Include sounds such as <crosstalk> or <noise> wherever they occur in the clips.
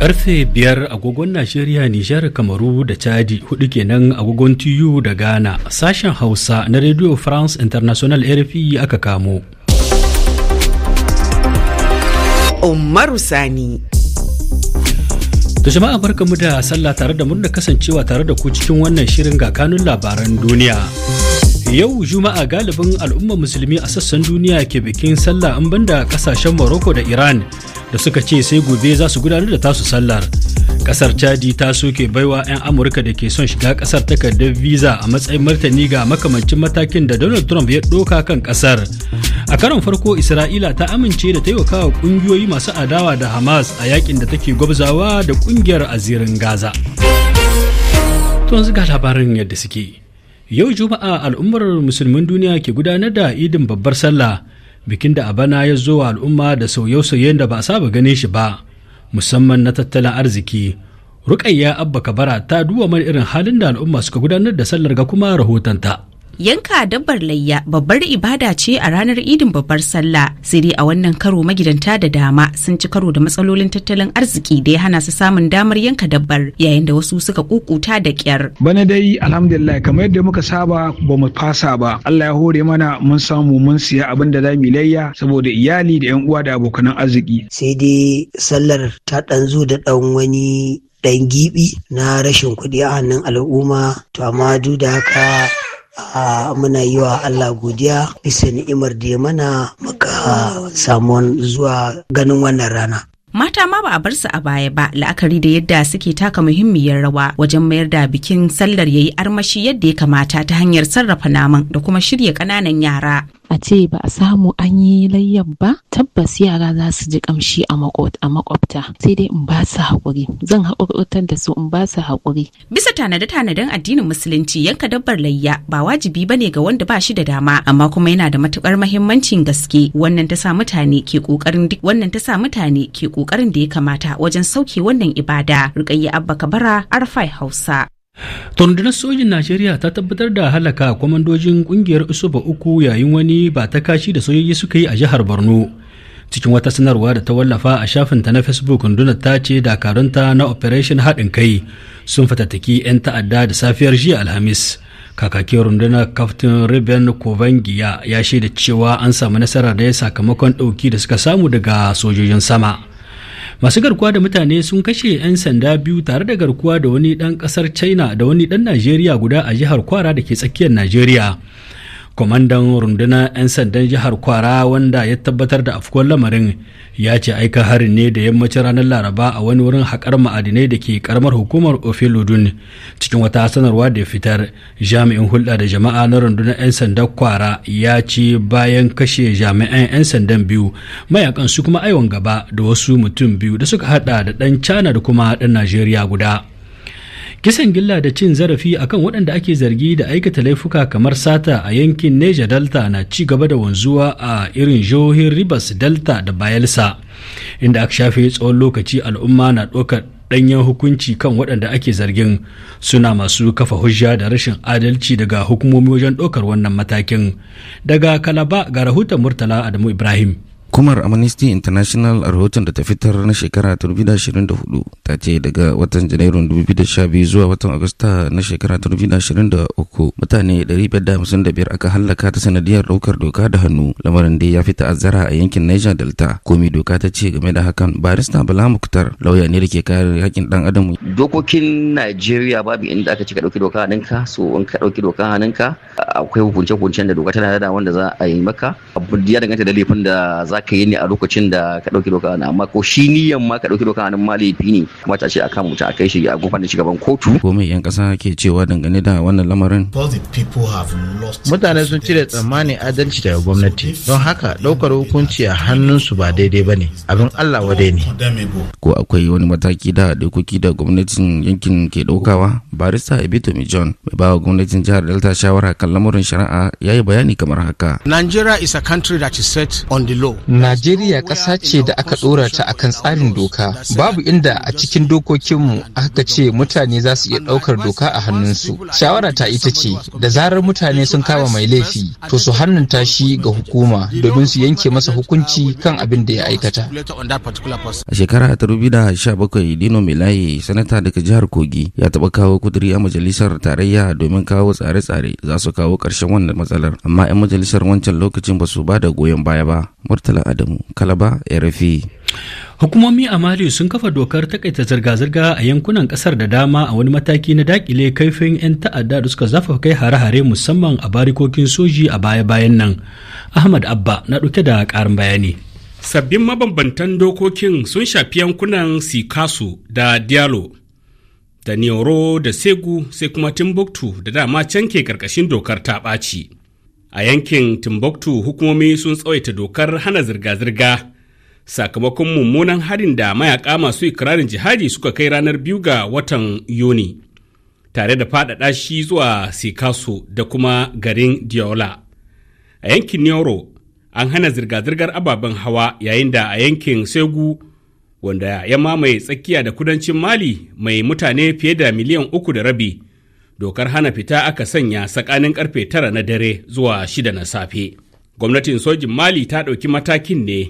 Karfe biyar agogon Najeriya, Nijar, Kamaru da Chadi hudu kenan agogon TU da Ghana sashen Hausa na Radio France International RFI aka kamo. Umaru Sani. Da jama'a barka da sallah tare da murna kasancewa tare da ku cikin wannan shirin ga kanun labaran duniya. Yau Juma'a galibin al'ummar musulmi a sassan duniya ke bikin sallah an banda kasashen Morocco da Iran da suka ce sai gobe za su gudanar da tasu sallar kasar chadi ta soke baiwa 'yan amurka da ke son shiga kasar takardar visa a matsayin martani ga makamancin matakin da donald trump ya ɗauka kan kasar a karon farko isra'ila ta amince da taimakawa ƙungiyoyi masu adawa da hamas a yakin da take gwabzawa da ƙungiyar azirin gaza tun ga labarin yadda suke yau juma'a al'ummar musulmin duniya ke gudanar da idin babbar sallah bikin da a bana ya zo wa al'umma da sauye-sauyen da ba a saba ganin shi ba musamman na tattalin arziki rukayya abba kabara ta duba mana irin halin da al'umma suka gudanar da sallar ga kuma ta yanka dabbar layya babbar ibada ce a ranar idin babbar sallah sai dai a wannan karo magidanta da dama sun ci karo da matsalolin tattalin arziki da ya hana su samun damar yanka dabbar yayin da wasu suka kukuta da kyar bana dai alhamdulillah kamar yadda muka saba ba mu fasa ba Allah ya hore mana mun samu mun siya abin da za mu layya saboda iyali da yan uwa da abokanan arziki sai dai sallar ta ɗan zo da ɗan wani ɗan gibi na rashin kuɗi a hannun al'umma to amma duk da haka muna yi wa Allah godiya bisa ni'imar da ya mana muka samu zuwa ganin wannan rana Mata ma ba a bar su a baya ba la'akari da yadda suke taka muhimmiyar rawa wajen mayar da bikin sallar yayi armashi yadda ya kamata ta hanyar sarrafa naman da kuma shirya ƙananan yara. a ce ba a samu an yi layyan ba tabbas yara za su ji kamshi a makwabta sai dai in ba su haƙuri zan haƙurƙurtar da su in ba su haƙuri. bisa tanade-tanaden addinin musulunci yanka dabbar layya ba wajibi ba ne ga wanda ba shi da dama amma kuma yana da matuƙar mahimmancin gaske wannan ta sa mutane ke ƙoƙarin wannan ta sa mutane ke ƙoƙarin da ya kamata wajen sauke wannan ibada rukayya abba kabara arfai hausa to rundunar sojin najeriya ta tabbatar da halaka kwamandojin kungiyar usuba uku yayin wani ba ta kashi da sojoji suka yi a jihar borno cikin wata sanarwa da ta wallafa a shafin ta na facebook rundunar ta ce dakarunta na operation haɗin kai sun fatattaki 'yan ta'adda da safiyar jiya alhamis kakakin rundunar kaftin ruben kovangiya ya shaida cewa an samu nasara da ya sakamakon ɗauki da suka samu daga sojojin sama masu garkuwa da mutane sun kashe 'yan sanda biyu tare da garkuwa da wani ɗan ƙasar china da wani ɗan najeriya guda a jihar kwara da ke tsakiyar najeriya kwamandan rundunar 'yan sandan jihar kwara wanda ya tabbatar da afkuwar lamarin ya ce aika harin ne da yammacin ranar laraba a wani wurin haƙar ma'adinai da ke karamar hukumar ofeludun cikin wata sanarwa da fitar jami'in hulɗa da jama'a na rundunar 'yan sandan kwara ya ce bayan kashe jami'an 'yan sandan biyu mayakan su kuma aiwan gaba da wasu mutum biyu da suka hada da ɗan cana da kuma ɗan najeriya guda kisan gilla da cin zarafi akan waɗanda ake zargi da aikata laifuka kamar sata a yankin neja delta na ci gaba da wanzuwa a irin jihohin rivers delta da bayelsa inda aka shafe tsawon lokaci al'umma na ɗaukar ɗanyen hukunci kan waɗanda ake zargin suna masu kafa hujja da rashin adalci daga hukumomi wajen ɗaukar wannan matakin daga kalaba ga rahoton murtala adamu ibrahim Hukumar Amnesty International a rahoton da ta fitar na shekara 2024 ta ce daga watan Janairun 2012 zuwa watan Agusta na shekara 2023 mutane 155 aka hallaka ta sanadiyar ɗaukar doka da hannu lamarin da ya fi ta'azzara a yankin Niger Delta. Komi doka ta ce game da hakan barista Bala Muktar lauya ne da ke kare hakkin ɗan adam. Dokokin Najeriya babu inda aka ce ka dauki doka ka so in ka dauki doka ka akwai hukunce-hukuncen da doka tana da wanda za a yi maka. Abu ya danganta da laifin da za yi ne a lokacin da ka ɗauki doka amma ko shi niyan ma ka ɗauki doka na ma laifi ne kuma ta ce a kan mutu a kai shi a gufan shugaban kotu. ko mai yan ƙasa ke cewa dangane da wannan lamarin. mutane sun cire tsammanin adalci daga gwamnati don haka ɗaukar hukunci a su ba daidai ba ne abin allah wadai ne. ko akwai wani mataki da dokoki da gwamnatin yankin ke ɗaukawa barista mi john mai bawa gwamnatin jihar delta shawara kan lamarin shari'a ya yi bayani kamar haka. nigeria is a country that is set on the law. Najeriya ƙasa ce da aka ɗora ta akan tsarin doka. Babu inda a cikin dokokinmu aka ce mutane za su iya ɗaukar doka a hannunsu. Shawara ta ita ce da zarar mutane sun kama mai laifi to su hannunta shi ga hukuma domin su yanke masa hukunci kan abin da ya aikata. A shekara ta 2017 Dino Milaye sanata daga jihar Kogi ya taɓa kawo kuduri a majalisar tarayya domin kawo tsare-tsare za su kawo ƙarshen wannan matsalar amma 'yan majalisar wancan lokacin ba su ba da goyon baya ba. Murtala Adamu, Kalaba, RFI. Hukumomi a Mali sun kafa dokar takaita zirga-zirga a yankunan kasar da dama a wani mataki na dakile kaifin 'yan ta'adda da suka zafa kai hare-hare musamman a barikokin soji a baya-bayan nan. Ahmad Abba na ɗauke da ƙarin bayani. Sabbin mabambantan dokokin sun shafi yankunan Sikasu da Diallo da Nioro da Segu sai kuma Timbuktu da dama can ke ƙarƙashin dokar ta ɓaci. a yankin timbuktu hukumomi sun tsawaita dokar hana zirga-zirga sakamakon mummunan harin da mayaka masu ikirarin jihadi suka kai ranar biyu ga watan yuni tare da faɗaɗa shi zuwa sikasu da kuma garin diola a yankin neuro an hana zirga-zirgar ababen hawa yayin da a yankin segu wanda ya mamaye tsakiya da kudancin mali mai mutane fiye da miliyan uku da rabi dokar hana fita aka sanya tsakanin karfe tara na dare zuwa shida na safe. Gwamnatin sojin Mali ta ɗauki matakin ne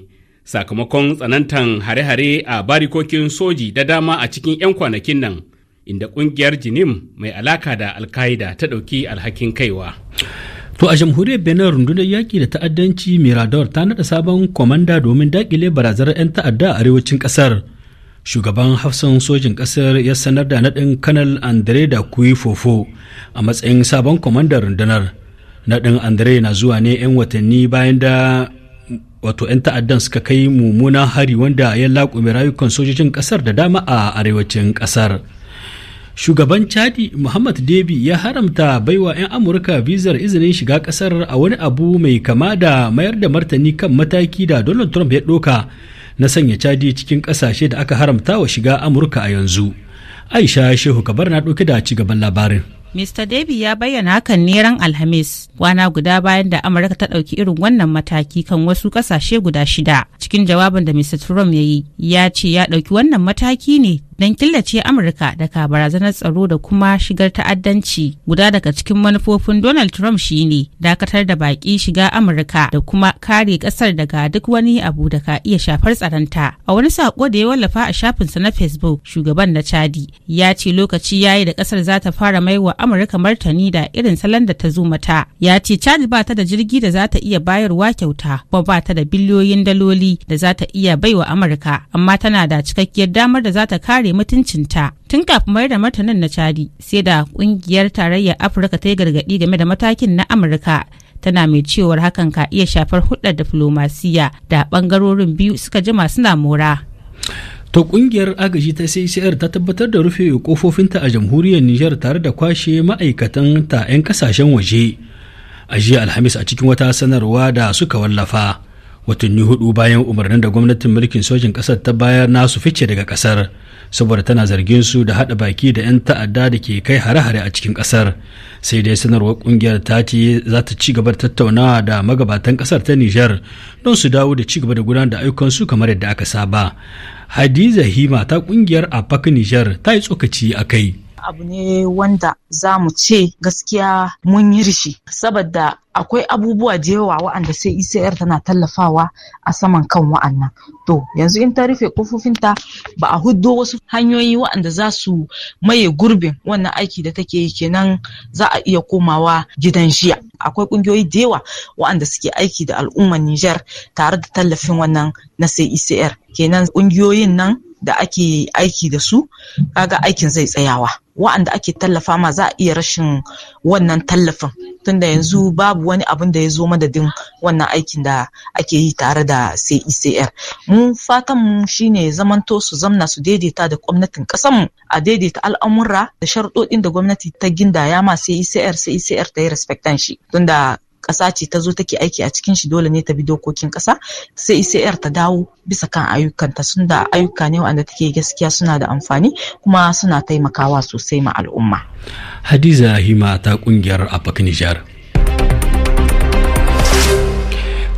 sakamakon tsanantan hare-hare a barikokin soji da dama a cikin 'yan kwanakin nan inda ƙungiyar Jinim mai alaka da Alkaida ta ɗauki alhakin kaiwa. To a jamhuriyar Benin rundunar yaƙi da ta'addanci Mirador ta naɗa sabon kwamanda domin daƙile barazanar 'yan ta'adda a arewacin ƙasar. shugaban hafsan sojin kasar ya sanar da naɗin kanal andre da kuyi fofo a matsayin sabon kwamandar rundunar naɗin andre na zuwa ne 'yan watanni bayan da wato 'yan ta'addan suka kai mummunan hari wanda ya laƙume rayukan sojojin kasar da dama a arewacin kasar. shugaban chadi muhammad debi ya haramta baiwa 'yan amurka vizar izinin shiga kasar a wani abu mai kama da mayar da martani kan mataki da donald trump ya ɗoka na sanya cadi cikin ƙasashe da aka haramta wa shiga Amurka a yanzu. Aisha Shehu Kabar na ɗauke da ci gaban labarin. Mr. Davy ya bayyana hakan ne ran Alhamis, kwana guda bayan da Amurka ta ɗauki irin wannan mataki kan wasu ƙasashe guda shida. Cikin jawabin da Mr. Trump ya yi, ya ce ya ɗauki wannan mataki ne don killace amurka daga barazanar tsaro da kuma shigar ta'addanci guda daga cikin manufofin donald trump shine dakatar da baki shiga amurka da kuma kare kasar daga duk wani abu da ka iya shafar tsaronta a wani sako da ya wallafa a shafinsa na facebook shugaban na chadi ya ce lokaci ya yi da kasar za ta fara mai wa amurka martani da irin salon da ta zo mata ya ce chadi ba ta da jirgi da za ta iya bayarwa kyauta kuma ba ta da biliyoyin daloli da za ta iya baiwa amurka amma tana da cikakkiyar damar da za ta kare kare mutuncinta tun kafin mayar da martanin na chadi sai da kungiyar tarayyar afirka ta yi gargadi game da matakin na amurka tana mai cewar hakan ka iya shafar hudar diflomasiya da bangarorin biyu suka jima suna mora to kungiyar agaji ta ccr ta tabbatar da rufe kofofinta a jamhuriyar niger tare da kwashe ma'aikatan ta 'yan kasashen waje a jiya alhamis a cikin wata sanarwa da suka wallafa watanni hudu bayan umarnin da gwamnatin mulkin sojin kasar ta bayar nasu fice daga kasar saboda tana zargin su da haɗa baki da 'yan ta'adda da ke kai hare-hare a cikin ƙasar sai dai sanarwar ƙungiyar ta ce za ta ci gaba da tattaunawa da magabatan ƙasar ta nijar don su dawo da ci gaba da gudanar da ayyukan su kamar yadda aka saba hadiza hima ta ƙungiyar apak nijar ta yi tsokaci a kai abu ne wanda za mu ce gaskiya mun yi rishi saboda akwai abubuwa da yawa waɗanda sai ECR tana tallafawa a saman kan wa'annan. To yanzu in ta rufe kofofinta ba a huddo wasu hanyoyi waɗanda za su maye gurbin wannan aiki da take yi kenan za a iya komawa gidan jiya. Akwai ƙungiyoyi da yawa waɗanda suke aiki da al'ummar Nijar tare da tallafin wannan na sai ECR. Kenan kungiyoyin nan da ake aiki da su kaga aikin zai tsayawa. wa'anda ake tallafa ma za a iya rashin wannan tallafin tunda yanzu babu wani abin da ya zo madadin wannan aikin da ake yi tare da CECR. Mu fatan mu shine zamanto su zamna su daidaita da gwamnatin mu a daidaita al'amura da sharɗoɗin da gwamnati ta gindaya ma CECR, CECR ta yi respectan shi tunda ƙasa ce ta zo take aiki a cikin shi dole ne ta bi dokokin ƙasa sai ICR e ta dawo bisa kan ayyukanta sun da ayyuka ne wanda take gaskiya suna da amfani kuma suna taimakawa sosai ma al'umma. Hadiza Hima ta kungiyar Afak Nijar.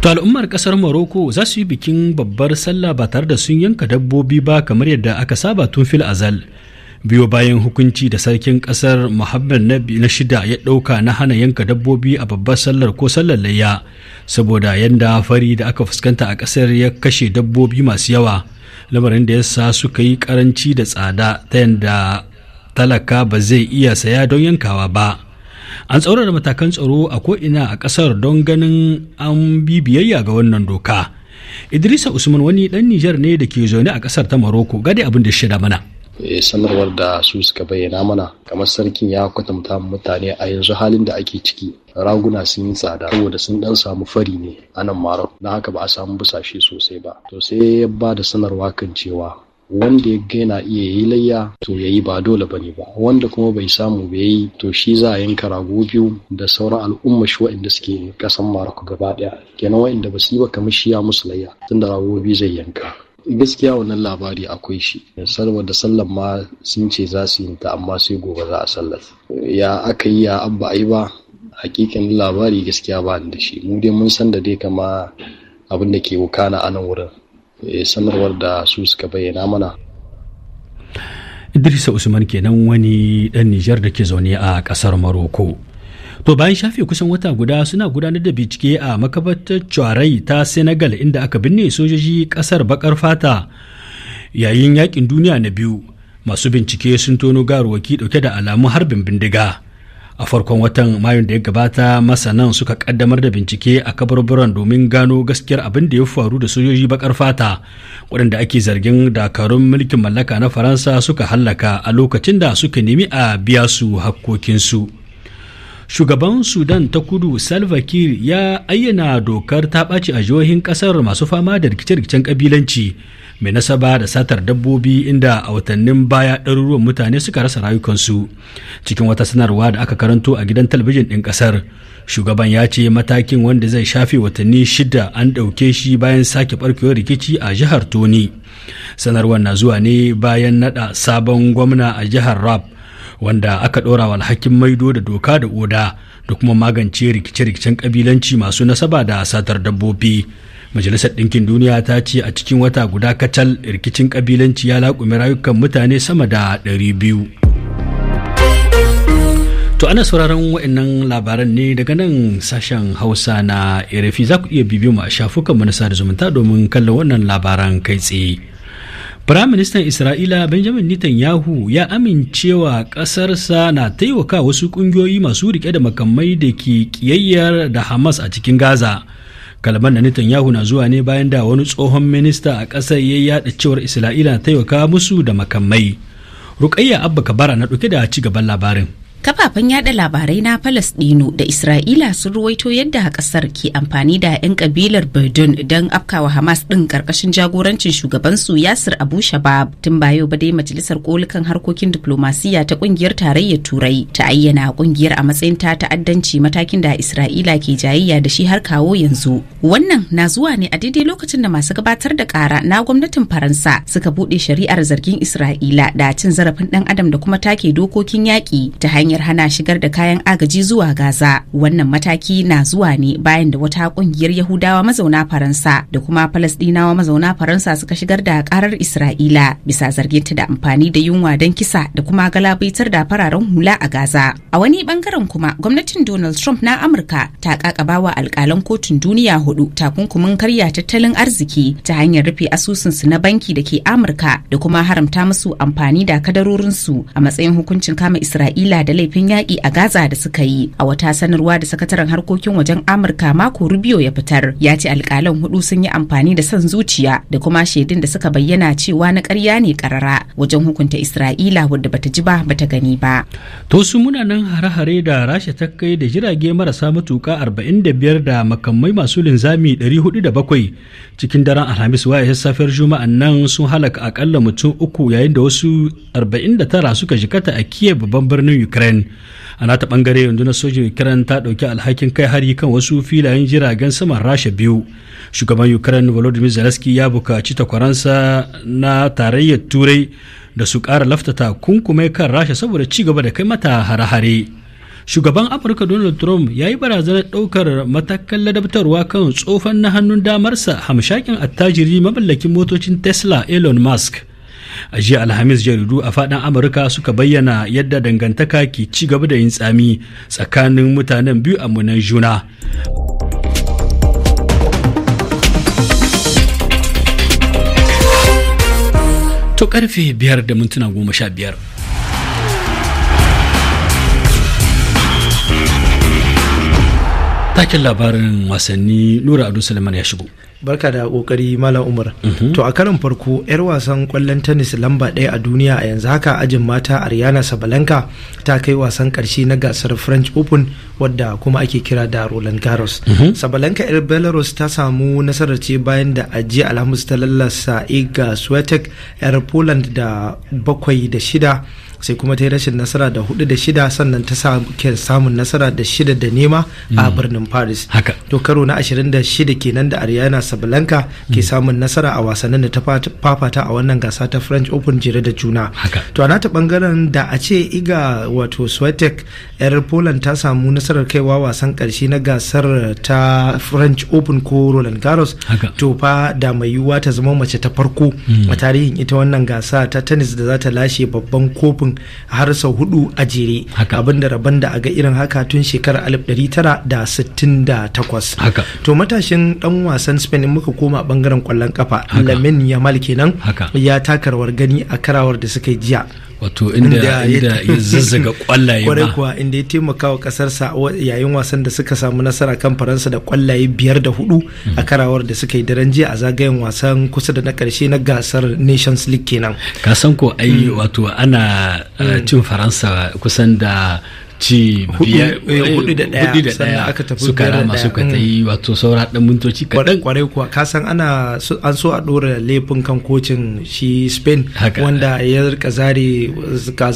To al'ummar kasar Morocco za su yi bikin babbar sallah ba tare da sun yanka dabbobi ba kamar yadda aka saba tun fil azal. biyo bayan hukunci da sarkin kasar muhammad na shida ya ɗauka na hana yanka dabbobi a babbar sallar ko sallar layya saboda yadda fari da aka fuskanta a kasar ya kashe dabbobi masu yawa lamarin da ya sa suka yi karanci da tsada ta yadda talaka ba zai iya saya don yankawa ba an da matakan tsaro a ko'ina a kasar don ganin an bi biyayya ga wannan doka idrisa usman wani dan nijar ne da ke zaune a kasar ta maroko gade abin da shida mana Eh, sanarwar da su suka bayyana mana kamar sarkin ya kwatanta mutane a yanzu halin da ake ciki raguna sun yi tsada saboda sun dan samu fari ne a nan marar na haka ba a samu busashe sosai ba to sai ya ba da sanarwa kan cewa wanda ya ga yana iya yi layya to ya yi ba dole bane ba wanda kuma bai samu bai yi to shi za a yanka rago biyu da sauran al'umma shi waɗanda suke ƙasan maroko gaba ɗaya kenan waɗanda ba su yi ba kamar shi ya musu layya tunda rago biyu zai yanka gaskiya wannan labari akwai shi saboda sallan ma sun ce za su yi ta amma sai gobe za a sallar ya aka yi ya abba ai ba hakikin labari gaskiya ba da shi mu dai mun san da dai kama abin da ke wukana a nan wurin eh, sanarwar da su suka bayyana mana Idrisa Usman kenan wani ɗan Nijar da ke zaune a ƙasar Maroko. To bayan shafe kusan wata guda suna gudanar da bincike a makabartar Chwarai ta Senegal inda aka binne sojoji kasar bakar fata yayin yakin duniya na biyu. Masu bincike sun tono garuwaki dauke da alamun harbin bindiga. A farkon watan Mayun da ya gabata masanan suka kaddamar da bincike a kabarburan domin gano gaskiyar abin da ya faru da sojoji bakar fata waɗanda ake zargin dakarun mulkin mallaka na Faransa suka hallaka a lokacin da suka nemi a biya su hakkokinsu. shugaban sudan ta kudu salva kiir ya ayyana dokar ta ɓaci a jihohin ƙasar masu fama da rikice-rikicen ƙabilanci mai nasaba da satar dabbobi inda a watannin baya ɗaruruwan mutane suka rasa rayukansu cikin wata sanarwa da aka karanto a gidan talabijin ɗin ƙasar shugaban ya ce matakin wanda zai shafe watanni shida an ɗauke shi bayan sake ɓarkewar rikici a jihar toni sanarwar na zuwa ne bayan naɗa sabon gwamna a jihar rap wanda aka ɗora wa alhakin maido da doka da oda da kuma magance rikice-rikicen kabilanci masu nasaba da satar dabbobi majalisar ɗinkin duniya ta ce a cikin wata guda kacal rikicin kabilanci ya laƙumi rayukan mutane sama da ɗari biyu. To ana sauraron waɗannan labaran ne daga nan sashen Hausa na RFI za ku iya bibiyo mu a shafukanmu na sada zumunta domin kallon wannan labaran kai tsaye. Firaministan Isra'ila Benjamin Netanyahu ya amincewa ƙasarsa na taimaka wasu ƙungiyoyi masu rike da makamai da ke ƙiyayyar da Hamas a cikin Gaza. Kalman na Netanyahu na zuwa ne bayan da wani tsohon minista a ƙasar ya yaɗa cewar Isra'ila na taimaka musu da makamai. Rukayya Abba Kabara na ɗauke da ci gaban labarin. Kafafen yada labarai na Falasdino da Isra'ila sun ruwaito yadda a kasar ke amfani da 'yan kabilar burdun don afkawa Hamas ɗin ƙarƙashin jagorancin shugabansu Yasir Abu Shabab tun bayo ba dai majalisar kolikan harkokin diplomasiya ta ƙungiyar tarayyar Turai ta ayyana ƙungiyar a matsayin ta ta'addanci matakin da Isra'ila ke jayayya da shi har kawo yanzu. Wannan na zuwa ne a daidai lokacin da masu gabatar da ƙara na gwamnatin Faransa suka buɗe shari'ar zargin Isra'ila da cin zarafin ɗan adam da kuma take dokokin yaƙi ta hanyar hanyar hana shigar da kayan agaji zuwa Gaza. Wannan mataki na zuwa ne bayan da wata kungiyar Yahudawa mazauna Faransa da kuma Falasɗinawa mazauna Faransa suka shigar da karar Isra'ila bisa zarginta da amfani da yunwa don kisa da kuma galabaitar da fararen hula a Gaza. A wani bangaren kuma gwamnatin Donald Trump na Amurka ta kakabawa alkalan kotun duniya hudu takunkumin karya tattalin arziki ta hanyar rufe asusunsu na banki da ke Amurka da kuma haramta musu amfani da kadarorinsu a matsayin hukuncin kama Isra'ila da laifin yaƙi a Gaza da suka yi. A wata sanarwa da sakataren harkokin wajen Amurka mako Rubio ya fitar, ya ce alƙalan hudu sun yi amfani da son zuciya da kuma shaidun da suka bayyana cewa na ƙarya ne karara wajen hukunta Isra'ila wadda bata ji ba bata gani ba. To su munanan hare-hare da Rasha ta kai da jirage marasa matuƙa 45 da makamai masu linzami 407 cikin daren Alhamis wayar safiyar Juma'an nan sun halaka akalla mutum uku yayin da wasu 49 suka jikata a Kiev babban birnin Ukraine. ukraine a nata bangare na sojin ukraine ta dauki alhakin kai hari kan wasu filayen jiragen saman rasha biyu shugaban ukraine volodymyr zelensky ya bukaci takwaransa na tarayyar turai da su kara laftata kunkume kan rasha saboda ci gaba da kai mata hare-hare shugaban amurka donald trump ya yi barazanar ɗaukar matakan ladabtarwa kan tsofan na hannun damarsa hamshakin attajiri mamallakin motocin tesla elon musk a jiya alhamis jaridu a fadin amurka suka bayyana yadda dangantaka ke ci gaba da yin tsami tsakanin mutanen biyu a amunan juna to karfe biyar da mintuna goma sha biyar takin labarin wasanni nura ado suleiman ya shigo barka da kokari malam umar mhm. to a karin farko yar wasan kwallon tennis lamba ɗaya a duniya a yanzu haka ajin mata ariana Sabalanka ta kai wasan karshe na gasar french open wadda kuma ake kira da roland garros mhm. sabalenka yar belarus ta samu nasarar ce bayan da aji alhamis ta lallasa iga swiatek yar poland da bakwai da shida sai kuma ta yi rashin nasara da hudu da shida sannan ta ke samun nasara da shida da nema a hmm. birnin paris to karo na ashirin da shida kenan da ariana sabalanka ke hmm. samun nasara a wasannin da ta fafata a wannan gasa ta french open jere da juna to a nata bangaren da a ce iga wato swatek yar poland ta samu nasarar kaiwa wasan karshe na gasar ta french open ko roland garros to fa da mai yiwuwa ta zama mace ta farko hmm. a tarihin ita wannan gasa ta tennis da za ta lashe babban kofin har sau hudu a jere abinda rabon da aga irin haka tun shekarar alif tara da da sittin 1968 to matashin dan wasan spain muka koma bangaren kwallon kafa lamin yamal kenan ya taka rawar gani a karawar da suka yi jiya wato inda ya <laughs> zazzaga kwallaye kwarai kuwa inda ya taimaka wa kasarsa yayin wasan da suka samu nasara kan faransa da kwallaye biyar da hudu hmm. a karawar da suka yi daren jiya a zagayen wasan kusa da na karshe na gasar nations league kenan ka san ko ai hmm. wato ana hmm. eh, cin faransa kusan da ci biyar eh, eh, hudu da daya sannan aka tafi suka rama suka ta yi hmm. wato saura dan mintoci kaɗan kwarai kuwa kasan ana an so a ɗora laifin kan kocin shi spain wanda ya rika zare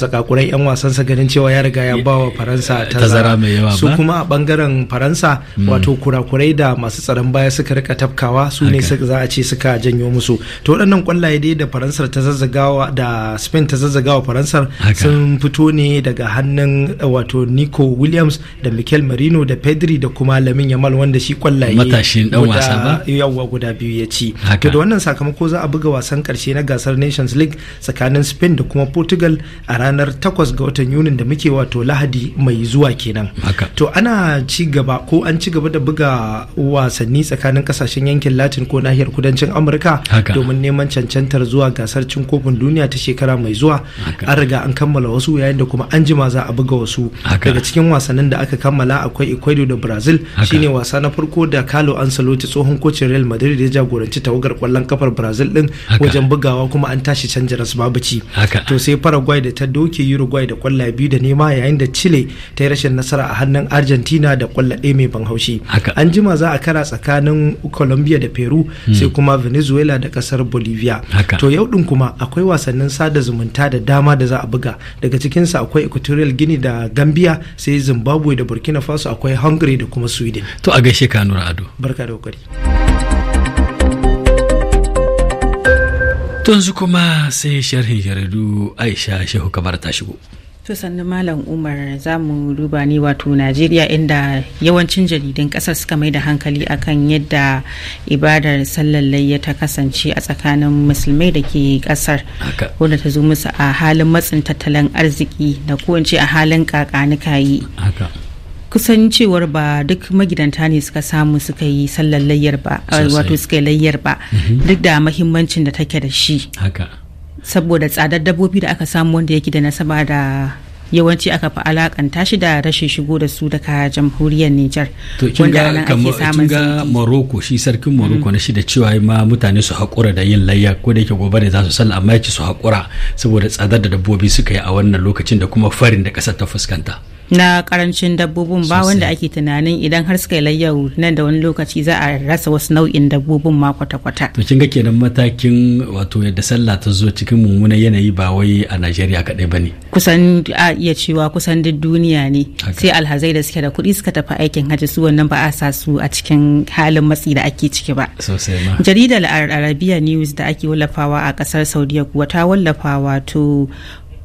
zakakurai yan wasan sa ganin cewa ya riga ya ba wa faransa eh, tazara mai yawa su kuma a bangaren faransa hmm. wato kurakurai da masu tsaron baya suka rika tafkawa su ne za a ce suka janyo musu to waɗannan kwallaye dai da faransar ta zazzagawa da spain ta zazzagawa faransar sun fito ne daga hannun wato wato nico williams da mikel marino da pedri da kuma lamin yamal wanda shi kwallaye matashin dan wasa ba yawwa guda biyu ya ci to da wannan sakamako za a buga wasan karshe na gasar nations league tsakanin spain da kuma portugal a ranar 8 ga watan yunin da muke wato lahadi mai zuwa kenan to ana ci gaba ko an ci gaba da buga wasanni tsakanin kasashen yankin latin ko nahiyar kudancin amurka domin neman cancantar zuwa gasar cin kofin duniya ta shekara mai zuwa an riga an kammala wasu yayin da kuma an jima za a buga wasu daga cikin wasannin da aka kammala akwai ecuador da brazil shine wasa na farko da carlo ancelotti tsohon kocin real madrid ya jagoranci tawagar kwallon kafar brazil din wajen bugawa kuma an tashi canji rasu babu ci to sai paraguay da ta doke uruguay da kwallaye biyu da nema yayin da chile ta yi rashin nasara a hannun argentina da kwalla ɗaya mai ban haushi an jima za a kara tsakanin colombia da peru hmm. sai kuma venezuela da kasar bolivia to yau din kuma akwai wasannin sada zumunta da dama da za a buga daga cikinsa akwai equatorial guinea da gambia sai zimbabwe da burkina faso akwai hungary da kuma sweden to a gaishe ka nura ado barka da kokari yanzu kuma sai sharhin jaridu aisha shehu kamar ta shigo To sannu Malam Umar za mu duba ni wato Najeriya inda yawancin jaridun ƙasar suka mai da hankali akan yadda ibadar sallar layya ta kasance a tsakanin musulmai da ke kasar wanda ta zo musu a halin matsin tattalin arziki da kowace a halin kakanika yi. kusan cewar ba duk magidanta ne suka samu suka yi sallar layyar ba eh, wato suka yi layyar ba mhm. duk da mahimmancin da take da shi. saboda tsadar dabbobi da aka samu wanda yake da nasaba da yawanci aka fi alakanta shi da rashin shigo da su daga jamhuriyar Nijar. To kin ga kin ga Morocco shi sarkin Morocco na mm. shi da cewa ma mutane su haƙura da yin layya ko da yake gobe ne za su sallah amma yake su haƙura saboda tsadar da dabbobi suka yi a wannan lokacin da kuma farin da ƙasar ta fuskanta. na karancin dabbobin ba wanda ake tunanin idan har suka yi yau nan da wani lokaci za a rasa wasu nau'in dabbobin ma kwata-kwata. To kin ga kenan matakin wato yadda sallah ta zo cikin mummunan yanayi ba wai a Najeriya kaɗai ba ne. Kusan a iya cewa kusan duk duniya ne sai alhazai da suke da kuɗi suka tafi aikin hajji su wannan ba a sa su a cikin halin matsi da ake ciki ba. Sosai ma. Jaridar Arabia News da ake wallafawa a ƙasar Saudiya kuwa ta wallafa wato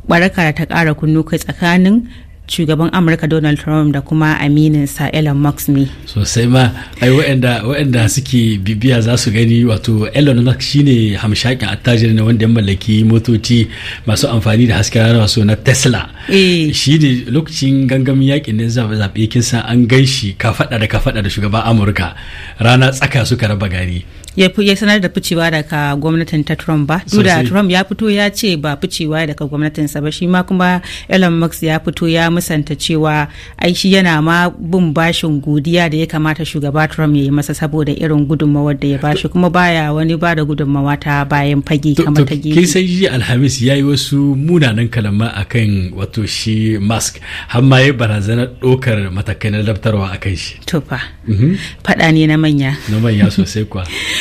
Ɓaraka ta ƙara kunnu kai tsakanin shugaban amurka donald trump da kuma amininsa elon musk ne sosai ma ai wa'anda suke bibiya za su gani wato elon musk shine hamshakin attajiri ne wanda ya mallaki motoci masu amfani da hasken rana wasu na tesla eh. shi ne lokacin gangamin yakin ne zaɓe kinsa an gan shi kafaɗa da kafaɗa da shugaban amurka rana tsaka suka raba gari ya sanar da ficewa daga gwamnatin ta Trump ba. Duk da Trump ya fito ya ce ba ficewa daga gwamnatin sa ba shi ma kuma Elon Musk ya fito ya musanta cewa ai shi yana ma bin bashin godiya da ya kamata shugaba Trump ya yi masa saboda irin gudunmawar da ya bashi kuma baya wani ba da gudunmawa ta bayan fage kamar ta gefe. Alhamis ya yi wasu munanan kalama akan wato shi Musk har ma ya barazanar ɗaukar matakai na daftarwa akan shi. To fa. Mhm. Faɗa ne na manya. Na manya sosai kuwa. <laughs>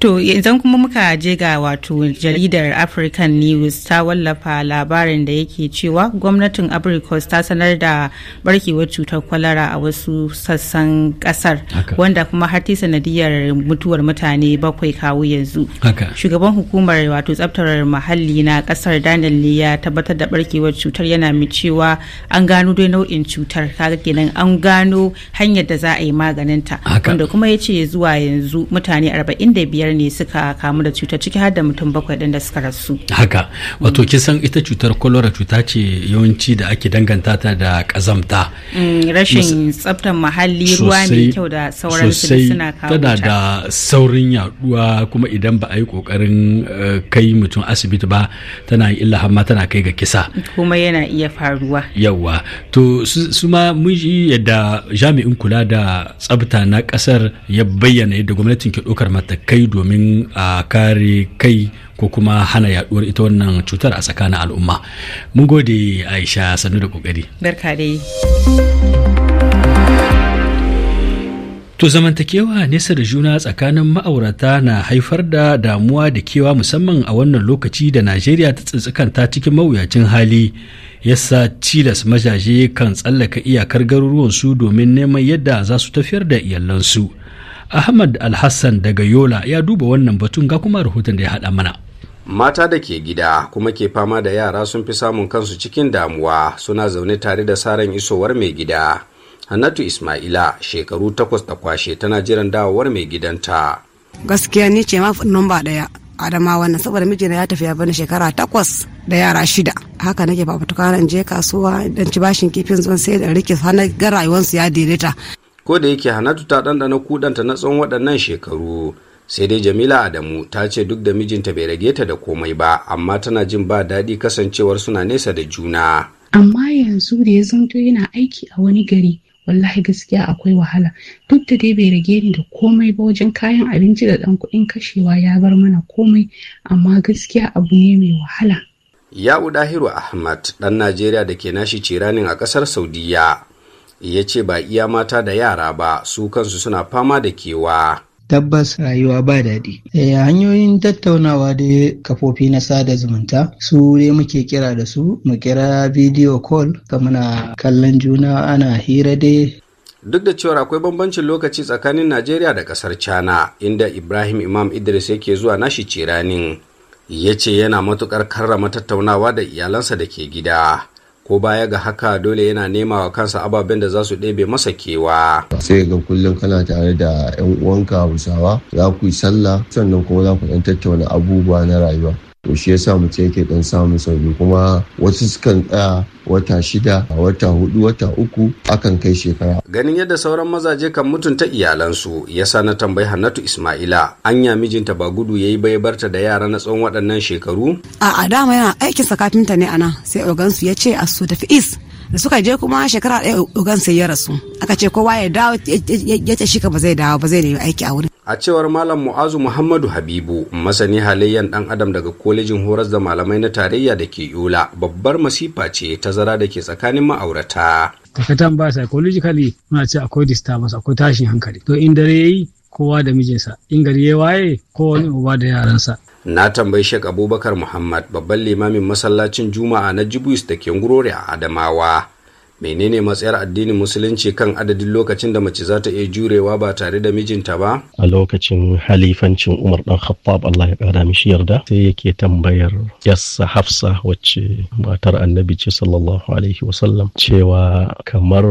To yanzu kuma muka je ga wato jaridar African News ta wallafa labarin da yake cewa gwamnatin Abrikos ta sanar da barkewar cutar kwalara a wasu sassan kasar wanda kuma har ta sanadiyar mutuwar mutane bakwai kawo yanzu. Shugaban hukumar wato tsaftar muhalli na kasar Daniel ne ya tabbatar da barkewar cutar yana mai cewa an gano dai nau'in cutar kaga kenan an gano hanyar da za a yi maganinta. Wanda kuma ya ce zuwa yanzu mutane arba'in da biyar. biyar ne suka kamu da cutar ciki har da mutum bakwai ɗin da suka rasu haka wato kisan ita cutar kolora cuta ce yawanci da ake danganta ta da kazamta mm, rashin tsaftar muhalli ruwa mai kyau da sauran su suna kawo tana da saurin yaduwa kuma idan ba a yi kokarin eh, kai mutum asibiti ba tana illa har tana kai ga kisa kuma yana iya faruwa yawwa to su ma mun yi yadda jami'in kula da tsafta na ƙasar ya bayyana yadda gwamnatin ke ɗaukar matakai domin domin a kare kai ko kuma hana yaduwar ita wannan cutar a tsakanin al'umma mun gode aisha sannu da kokari To zamantakewa nesa da juna tsakanin ma'aurata na haifar da damuwa da kewa musamman a wannan lokaci da Najeriya ta tsitsikanta cikin mawuyacin hali yasa cilas majaje kan tsallaka iyakar garuruwansu domin neman yadda za su tafiyar da iyalansu. Ahmad Alhassan daga Yola ya duba wannan batun ga kuma rahoton da ya haɗa mana. Mata da ke gida kuma ke fama da yara sun fi samun kansu cikin damuwa suna zaune tare da saran isowar mai gida. Hannatu Ismaila shekaru takwas da kwashe tana jiran dawowar mai gidanta. Gaskiya ni ce ma nomba ɗaya Adama wannan saboda mijina ya tafiya bani shekara takwas da yara shida. Haka nake fafutuka in je kasuwa dan ci bashin kifin zan sai da rike hana ga rayuwarsu ya daidaita. ko da yake hanatu ta ɗanɗana kuɗanta na tsawon waɗannan shekaru sai dai jamila adamu ta ce duk da mijinta bai rage ta da komai ba amma tana jin ba daɗi kasancewar suna nesa da juna amma yanzu da ya zanto yana aiki a wani gari wallahi gaskiya akwai wahala duk da dai bai rage ni da komai ba wajen kayan abinci da ɗan kuɗin kashewa ya bar mana komai amma gaskiya abu ne mai wahala Ya'u Dahiru Ahmad, ɗan Najeriya da ke nashi ciranin a ƙasar Saudiyya. ya ce ba iya mata da yara ba su kansu suna fama da kewa. tabbas rayuwa ba daɗi. E, hanyoyin tattaunawa da kafofi na sada zumunta su ne muke kira da su mu kira bidiyo call ka muna kallon juna ana hira dai. Duk da cewa akwai bambancin lokaci tsakanin Najeriya da ƙasar Cana inda Ibrahim Imam Idris yake zuwa nashi ciranin ya ce yana matukar karrama tattaunawa da iyalansa da ke gida. ko baya ga haka dole yana nema wa kansa ababen da za su ɗebe masa kewa. sai ga kullum kana tare da 'yan uwanka hausawa za ku yi sallah sannan kuma za ku ɗan tattauna abubuwa na rayuwa to shi yasa mutum yake dan samun sauki kuma wasu sukan tsaya wata shida wata hudu wata uku akan kai shekara ganin yadda sauran mazaje kan mutunta iyalansu ya sa na tambayi hannatu ismaila anya mijinta ba gudu yayi bai barta da yara na tsawon waɗannan shekaru a a dama yana aikin kafinta ne ana sai ogansu ya ce a su tafi is da suka je kuma shekara ɗaya ogansu ya rasu aka ce kowa ya dawo ya ce shi ka ba zai dawo ba zai nemi aiki a wurin a cewar malam mu'azu muhammadu habibu masani halayyan dan adam daga kolejin horas da malamai na tarayya da ke yola babbar masifa ce ta zara da ke tsakanin ma'aurata takatan ba psychologically muna ce akwai disturbance akwai tashin hankali to in dare yayi kowa da mijinsa in gari ya waye ne uba da yaransa na tambayi shek Abubakar Muhammad babban limamin masallacin Juma'a na Jibus da ke Ngurore a Adamawa menene matsayar addinin musulunci kan adadin lokacin da mace za ta iya jurewa ba tare da mijinta ba a lokacin halifancin umar dan khattab Allah ya kara mishi yarda sai yake tambayar yassa hafsa wacce matar annabi ce sallallahu alaihi wasallam cewa kamar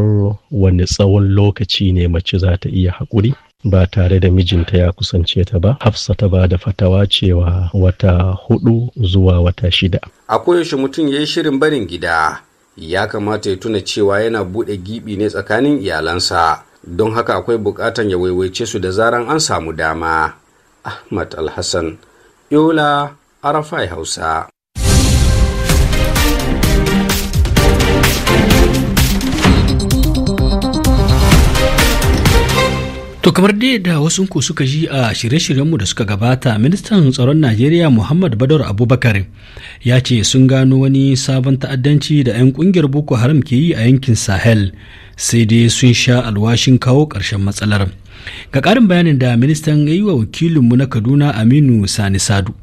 wani tsawon lokaci ne mace za ta iya haƙuri ba tare da mijinta ya kusance ta ba hafsa ta ba da fatawa cewa wata hudu zuwa wata shida a koyaushe mutum ya yi shirin barin gida ya kamata ya tuna cewa yana buɗe giɓi ne tsakanin iyalansa don haka akwai buƙatan ya waiwaice su da zaran an samu dama ahmad alhassan yola arafai hausa To kamar dai da wasu ku suka ji a shirye-shiryenmu da suka gabata ministan tsaron Najeriya Muhammad Badar Abubakar ya ce sun gano wani sabon ta'addanci da 'yan kungiyar Boko Haram ke yi a yankin Sahel sai dai sun sha alwashin kawo ƙarshen matsalar. Ga ƙarin bayanin da ministan ya yi wa wakilinmu na Kaduna Aminu Sani Sadu.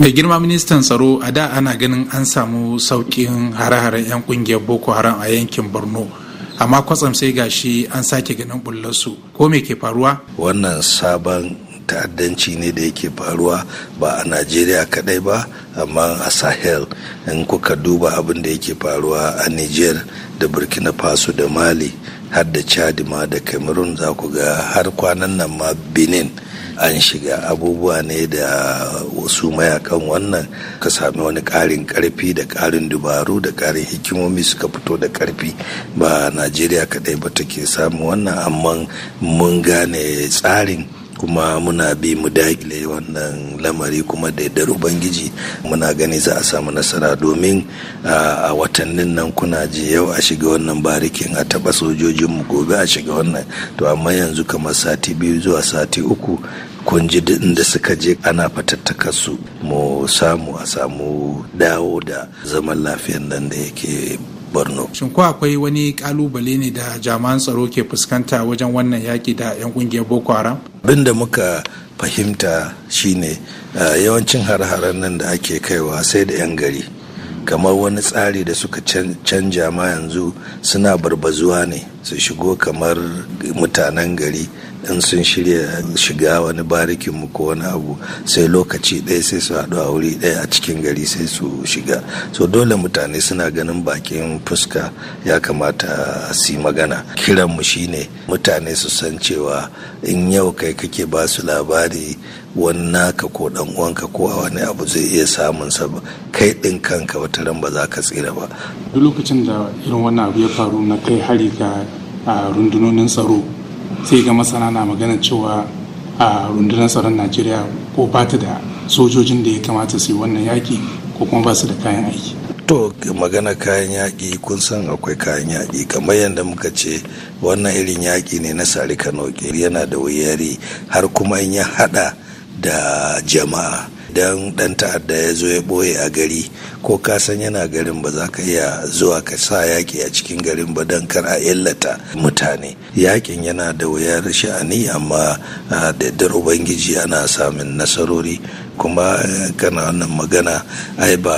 mai girma ministan tsaro a da ana ganin an samu sauƙin hare-haren 'yan kungiyar boko haram a yankin borno amma kwatsam sai gashi an sake ganin bullarsu ko me ke faruwa wannan sabon ta'addanci ne da yake faruwa ba a najeriya kadai ba amma a sahel in kuka duba abin da yake faruwa a niger da burkina faso da mali har da chad ma da cameroon za ku ga har kwanan nan ma benin an shiga abubuwa ne da wasu mayakan wannan ka sami wani ƙarin ƙarfi da ƙarin dubaru da ƙarin hikimomi suka fito da karfi ba najeriya kadai ba take samu wannan amma mun gane tsarin kuma muna bi mu dakile wannan lamari kuma da yadda ubangiji muna gani za a samu nasara domin a watannin nan kuna ji yau a shiga wannan barikin a taɓa sojojinmu gobe a shiga wannan to amma yanzu kamar sati biyu zuwa sati uku kun ji da suka je ana fatattaka su mu samu a samu dawo da zaman lafiyan nan da yake borno shin ko akwai wani kalubale ne da jami'an tsaro ke fuskanta wajen wannan yaki da 'yan kungiyar boko haram abin da muka fahimta shine eh, yawancin har-haren nan da ake kaiwa sai da 'yan gari kamar wani tsari da suka canja ma yanzu suna barbazuwa ne su shigo kamar mutanen gari in sun shirya shiga wani barikin mu ko wani abu sai lokaci ɗaya sai su haɗu a wuri ɗaya a cikin gari sai su shiga so dole mutane suna ganin bakin fuska ya kamata su yi magana kiran mu shine mutane su san cewa in yau kai kake ba su labari wani naka ko dan uwanka ko a wani abu zai iya samun sa kai din kanka wata ran ba za ka tsira ba duk lokacin da irin wannan abu ya faru na kai hari ga rundunonin tsaro sai ga masana na magana cewa a rundunar tsaron najeriya ko ba ta da sojojin da ya kamata su yi wannan yaki ko kuma ba su da kayan aiki to magana kayan yaƙi kun san akwai kayan yaƙi kamar yadda muka ce wannan irin yaƙi ne na sarika kano yana da wuyari har kuma in ya haɗa da jama'a Idan ɗan ta'adda ya zo ya ɓoye a gari ko ka san yana garin ba za ka iya zuwa ka sa yaƙi a cikin garin ba don kar a illata mutane yaƙin yana da wuyar sha'ani amma ah, da ubangiji ana samun nasarori kuma eh, kana wannan magana ai ba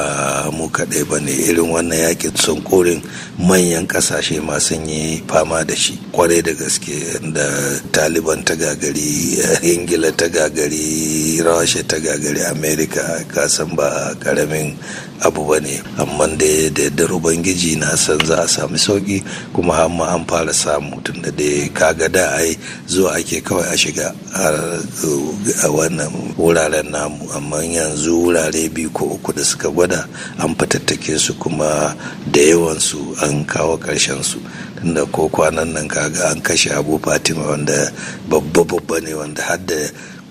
mu kaɗai ba ne irin wannan yakin korin manyan ƙasashe ma sun yi fama da shi kwarai da gaske da taliban ta gagari eh, ingila ta gagari rasha ta gagari america kasan ba ƙaramin. abu ba ne amma da yardar ubangiji na san za a sami sauki kuma hamma an fara samu tun da dai kaga da ai zuwa ake kawai a shiga a wannan wuraren namu amma yanzu wurare biyu ko uku da suka gwada an fatattake su kuma da yawansu an kawo karshen su tunda ko kwanan nan kaga an kashe abu fatima wanda babba babba ne wanda har da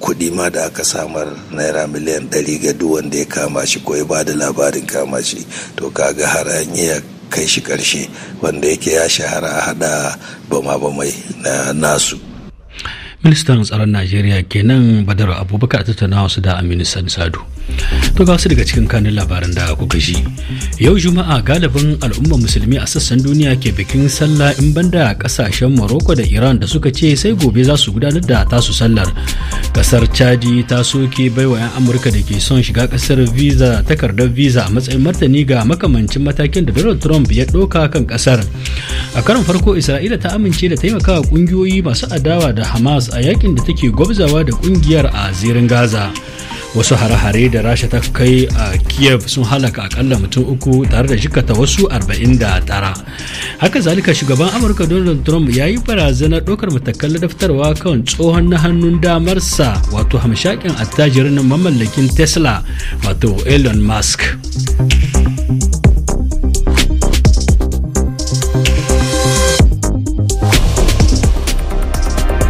kuɗi ma da aka samar naira miliyan ɗari ga duk wanda ya kama shi ko ya bada labarin kama shi to kaga har an iya kai shi ƙarshe wanda yake ya shahara a haɗa bama-bamai na nasu ministan tsaron najeriya kenan badar abubakar tattaunawa su da aminu sani sadu To ga wasu daga cikin kanun labaran da kuka kashi Yau Juma'a galibin al'ummar musulmi a sassan duniya ke bikin sallah in banda kasashen Morocco da Iran da suka ce sai gobe za su gudanar da tasu sallar. Kasar Chadi ta soke baiwa 'yan Amurka da ke son shiga kasar visa takardar visa a matsayin martani ga makamancin matakin da Donald Trump ya ɗauka kan kasar. A karon farko Isra'ila ta amince da taimakawa ƙungiyoyi masu adawa da Hamas a yakin da take gwabzawa da ƙungiyar a zirin Gaza. wasu hare-hare da rasha ta kai a kiev sun halaka akalla mutum uku tare da jikata wasu 49 haka zalika shugaban amurka donald trump ya yi barazanar ɗaukar matakalla daftarwa kan tsohon na hannun damarsa wato hamshakin attajirin mamallakin tesla wato elon musk